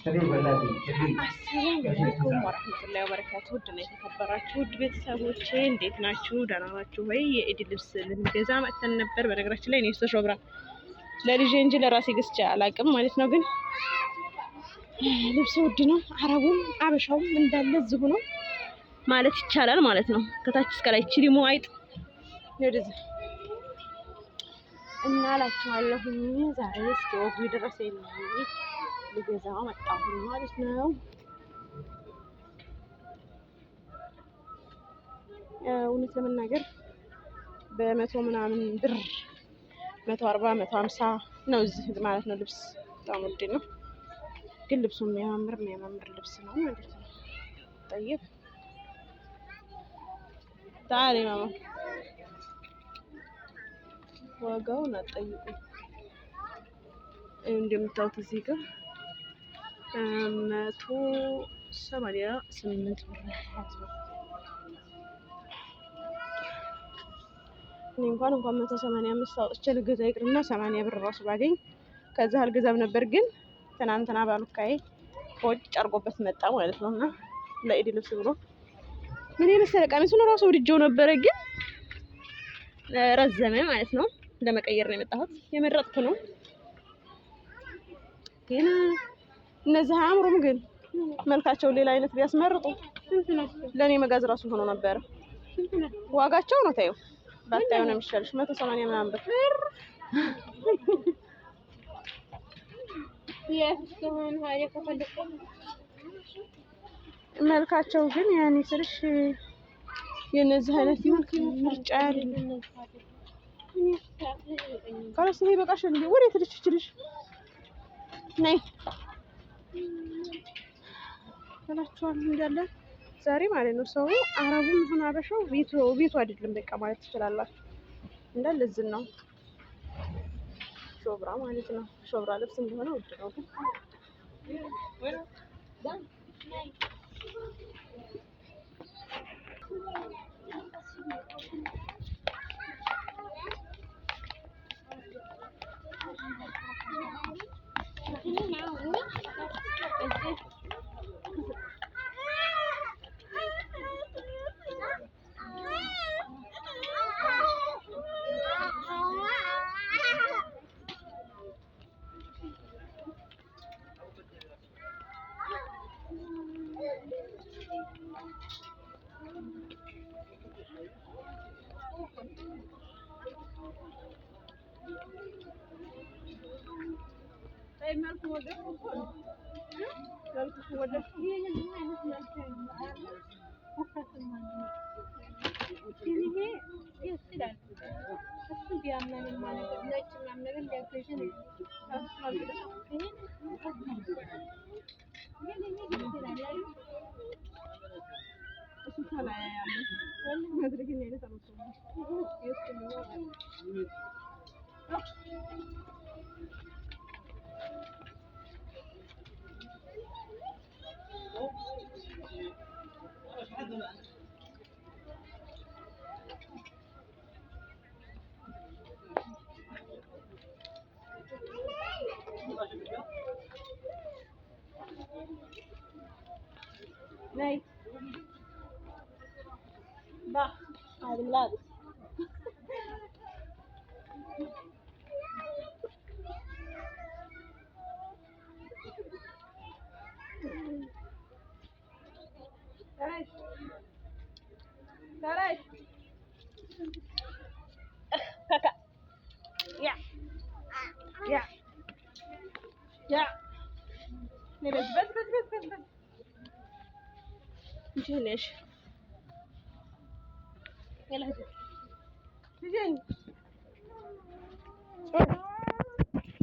አሰላሙ አለይኩም ወረህመቱላሂ ወበረካቱ። ውድና የተከበራችሁ ውድ ቤተሰቦቼ እንዴት ናችሁ? ደህና ናችሁ ወይ? የኢድ ልብስ ልንገዛ መጥተን ነበር። በነገራችን ላይ እኔ ሶሾብራ ለልጄ እንጂ ለራሴ ገዝቼ አላውቅም ማለት ነው። ግን ልብስ ውድ ነው። አረቡም አበሻውም እንዳለ እዚሁ ነው ማለት ይቻላል ማለት ነው። ከታች እስከ ላይ ችሊሞ አይጥ ወደዚህ እና እላችኋለሁ። ዛሬ እስኪ ወጉ የደረሰ ሊገዛ መጣሁ ማለት ነው። እውነት ለመናገር በመቶ ምናምን ብር መቶ አርባ መቶ ሀምሳ ነው እዚህ ማለት ነው። ልብስ በጣም ውድ ነው፣ ግን ልብሱ የሚያማምር የሚያማምር ልብስ ነው ማለት ነው። ጠይብ ታሪ ማማ ዋጋውን አጠይቁ እንደምታዩት እዚህ ጋር መቶ ሰማንያ ስምንት ብር እኔ እንኳን እንኳን መቶ ሰማንያ አምስት አውጥቼ ልገዛ ይቅርና ሰማንያ ብር ራሱ ባገኝ ከዛ አልገዛም ነበር። ግን ትናንትና ባሉካዬ ወጭ አድርጎበት መጣ ማለት ነው እና ለኢድ ልብስ ብሎ ምን የመሰለ ቀሚሱን ራሱ ውድጀው ነበረ፣ ግን ረዘመ ማለት ነው። ለመቀየር ነው የመጣሁት። የመረጥኩ ነው ግን እነዚህ አያምሩም ግን መልካቸው ሌላ አይነት ቢያስመርጡ ለእኔ መጋዝ ራሱ ሆኖ ነበረ። ዋጋቸው ነው ታየው ባታየው ነው የሚሻልሽ። መቶ ሰማንያ ምናምን ብር መልካቸው ግን ያኔ ስልሽ የነዚህ አይነት መልክ ምርጫ ያለ ካለስ ይሄ በቃሽ ወዴት ልጅ ነይ ይከታተላቸዋል እንዳለ ዛሬ ማለት ነው። ሰው አረቡም ሆነ አበሻው ቤቱ ቤቱ አይደለም በቃ ማለት ትችላላችሁ። እንዳለ እዝን ነው ሾብራ ማለት ነው። ሾብራ ልብስ እንደሆነ ውድ ነው ግን Seni gösteren. Nasıl bir anlamın var? Ne için anlamın yaklaşın? Thank you. Nee. Bah, adem laat. you.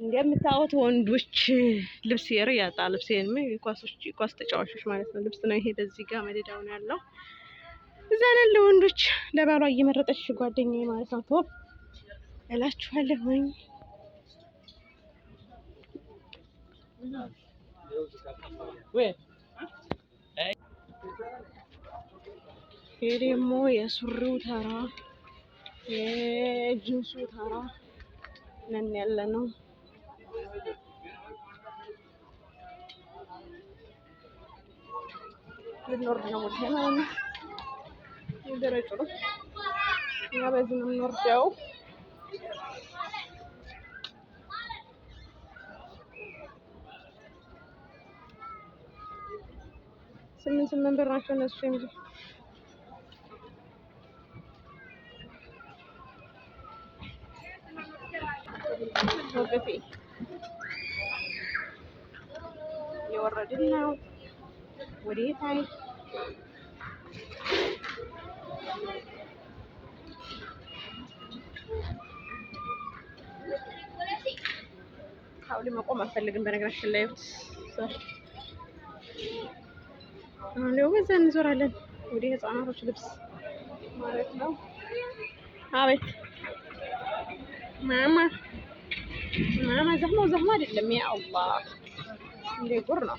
እንደምታዩት ወንዶች ልብስ የር ልብስ ኳስ ተጫዋቾች ማለት ነው። ልብስ ነው ይሄ። በዚህ ጋር መደዳውን ያለው እንደዛ ነን ለወንዶች ለባሏ እየመረጠች ጓደኛዬ ማለት ነው። ቶፕ እላችኋለሁኝ። ይሄ ደግሞ የሱሪው ተራ የጅንሱ ተራ ነን ያለ ነው። ልኖር ልንወርድ ነው። ደረቅ ነው እና በዚህ ነው የምንወርደው። ስምንት ስምንት ብር ናቸው እነሱ የሚሉ የወረድን ነው ወደ የት አይ አውሊ መቆም አልፈልግም። በነገራችን ላይ ወዛ እንዞራለን ወደ ህፃናቶች ልብስ ማለት ነው። አቤት ማማ ማማ ዘህማው ዘህማ አይደለም። ያ አላህ እንደ ጉር ነው።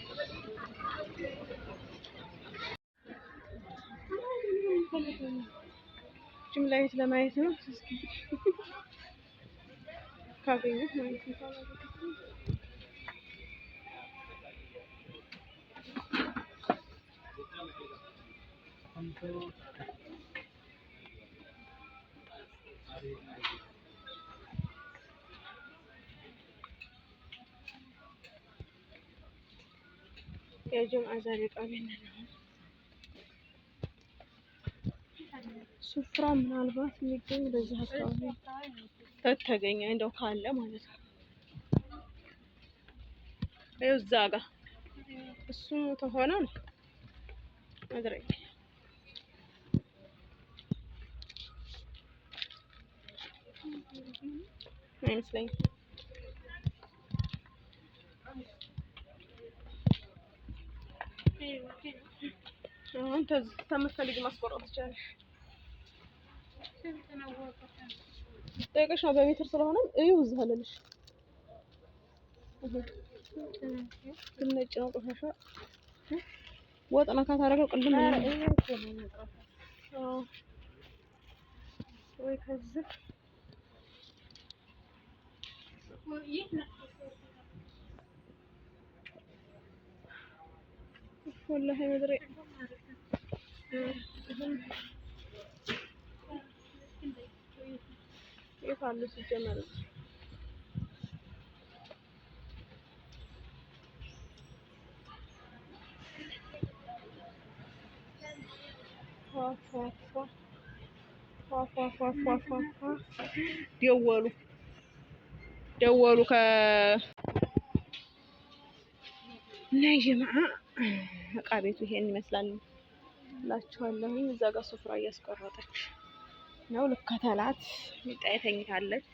ጅምላዊት ለማየት ነው። يا جماعة زاريك أبينا سفرة من البات ميكين بزهر قوي ተገኘ እንደው ካለ ማለት ነው። ይኸው እዛ ጋ እሱ ተሆነ ነው መድረግ አይመስለኝም። አሁን ተምፈልግ ማስቆረጥ ይችላል። ትችላለሽ። ጠይቀሽ ነው በሜትር ስለሆነ እዩ ዝህልልሽ ትነጭ ነው ቆሻሻ ወጥ ነካ ታደርገው ቅልም ወላሂ መድሬ ይጠፋሉ ሲጀመር ደወሉ ደወሉ እቃ ቤቱ ይሄን ይመስላል እላችኋለሁ። እዛ ጋር ስፍራ እያስቆረጠች ነው ልከተላት። ሚጣዬ ተኝታለች።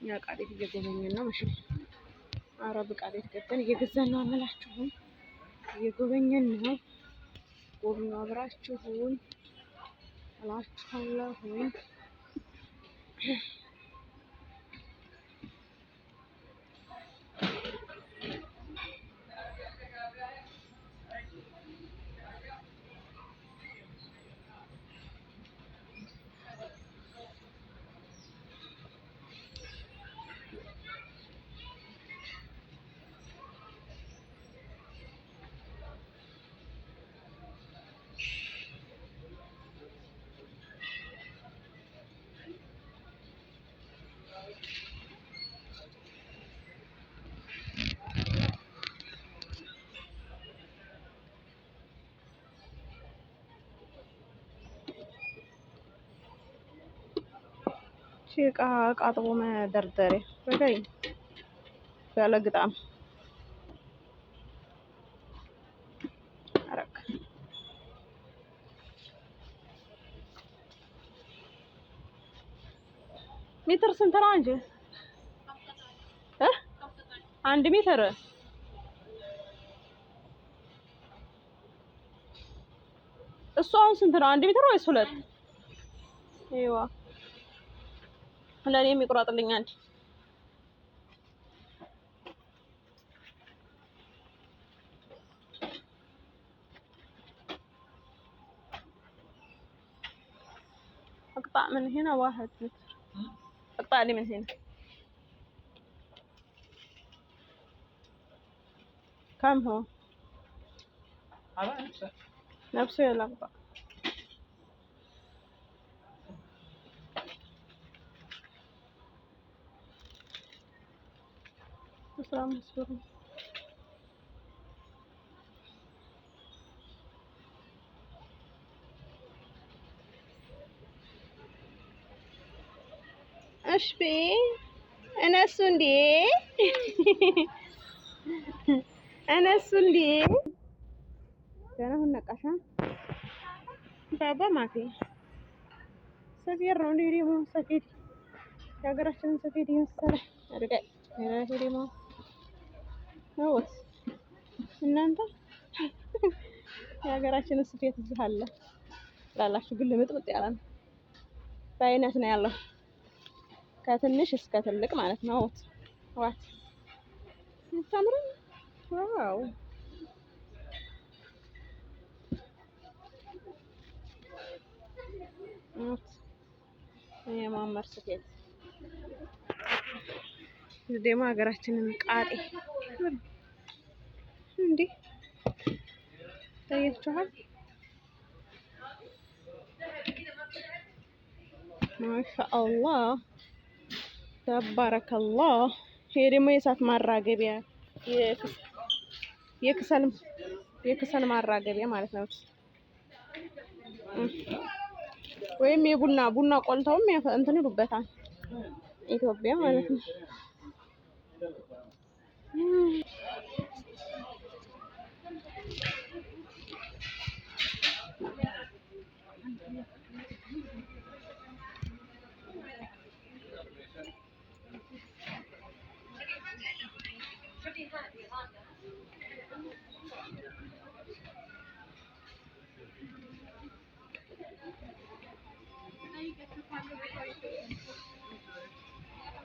እኛ ዕቃ ቤት እየጎበኘን ነው። መቼም አረብ ዕቃ ቤት ገብተን እየገዛን ነው አላችሁም? እየጎበኘን ነው። ጎብኙ አብራችሁን እላችኋለሁ። እቃ እቃ አጥቦ መደርደሪያ በተለይ ያለግጣም ሜትር ስንት ነው አንቺ? አንድ ሜትር እሱ አሁን ስንት ነው? አንድ ሜትር ወይስ ሁለት? ይዋ ለእኔ የሚቆራጥልኝ አንድ اقطع من هنا واحد متر اقطع لي من هنا كم هو؟ على نفسه نفسه يلا اقطع አስራ አምስት ብር ነው። እሺ እነሱ እንዴ እነሱ እንዴ ገና ሁን ነቃሻ ባባ ማቴ ሰፌድ ነው እንዴ ደግሞ ሰፌድ የሀገራችንን ሰፌድ ይመስላል አደጋ ሌላ ደግሞ ነውስ? እናንተ የሀገራችን ስፌት እዚህ አለ ላላችሁ ግን ልምጥምጥ ያለ ነው በአይነት ነው ያለው ከትንሽ እስከ ትልቅ ማለት ነው። ዋት አታምርም? ዋው የማመር ስፌት ደግሞ ሀገራችንን ቃጤ እንዴ ታያችኋል። ማሻአላህ ተባረከላህ። ይሄ ደግሞ የእሳት ማራገቢያ የክሰል ማራገቢያ ማለት ነው፣ ወይም የቡና ቡና ቆልተውም እንትን ይሉበታል ኢትዮጵያ ማለት ነው።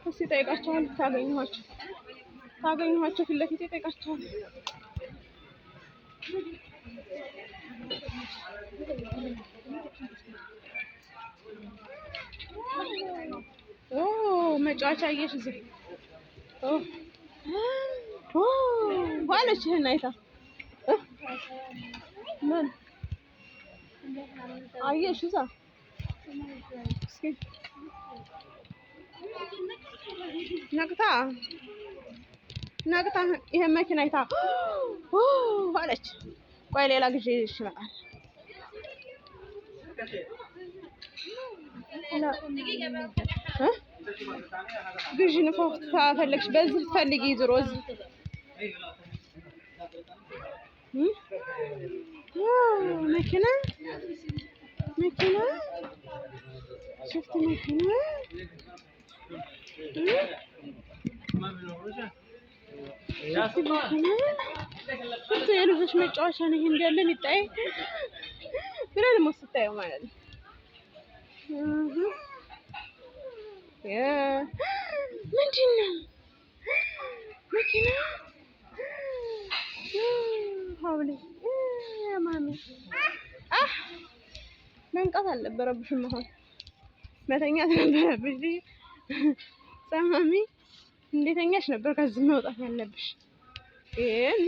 Você tem que achar um bocadinho, ካገኘኋቸው ፊት ለፊቴ ይጠይቃቸዋል። መጫወቻ አየሽ እዚህ ዋለች። ይህን አይታ ምን አየሽ? እዛ ነቅታ ነግታ ይሄን መኪና አይታ አለች፣ ቆይ ሌላ ጊዜ ይችላል። ግዢ ንፎፍ ታፈለግሽ በዚህ ትፈልጊ ዞሮ እዚህ መኪና መኪና ሽፍት መኪና ስንት የልጆች መጫወቻ ነው ይሄ እንዳለን ይጣይ ግራ ደግሞ ስታየው ማለት ነው። ምንድን ነው መኪና ሀብሌ ማሚ መንቃት አልነበረብሽም። አሁን መተኛት ነበረብሽ ሳማሚ እንዴተኛሽ ነበር ከዚህ መውጣት ያለብሽ። ግን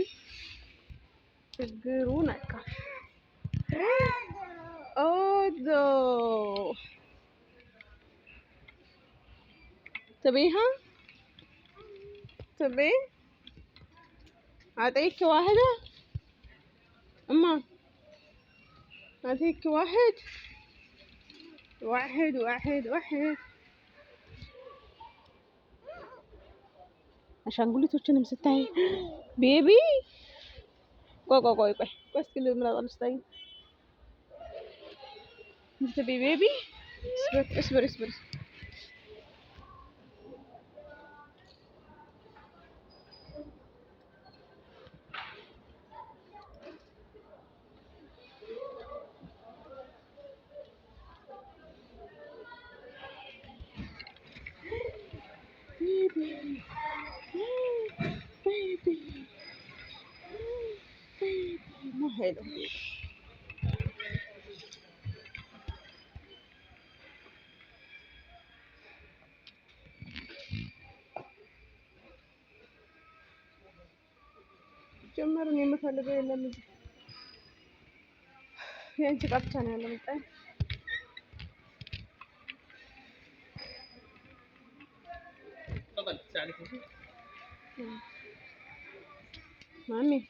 ችግሩ ነቃ ኦዞ تبيها تبي أعطيك واحدة أما أعطيك واحد واحد واحد واحد አሻንጉሊቶችንም ስታይ ቤቢ ቆይ ቆይ ቆይ ቆይ ቆይ እስኪ ልምራጣ ስታይ ስብር ስበር ስበር ሲጀመር እኔ የምፈልገው የለም እዚህ የአንቺ ዕቃ ብቻ ነው ያለው መጣ ማሚ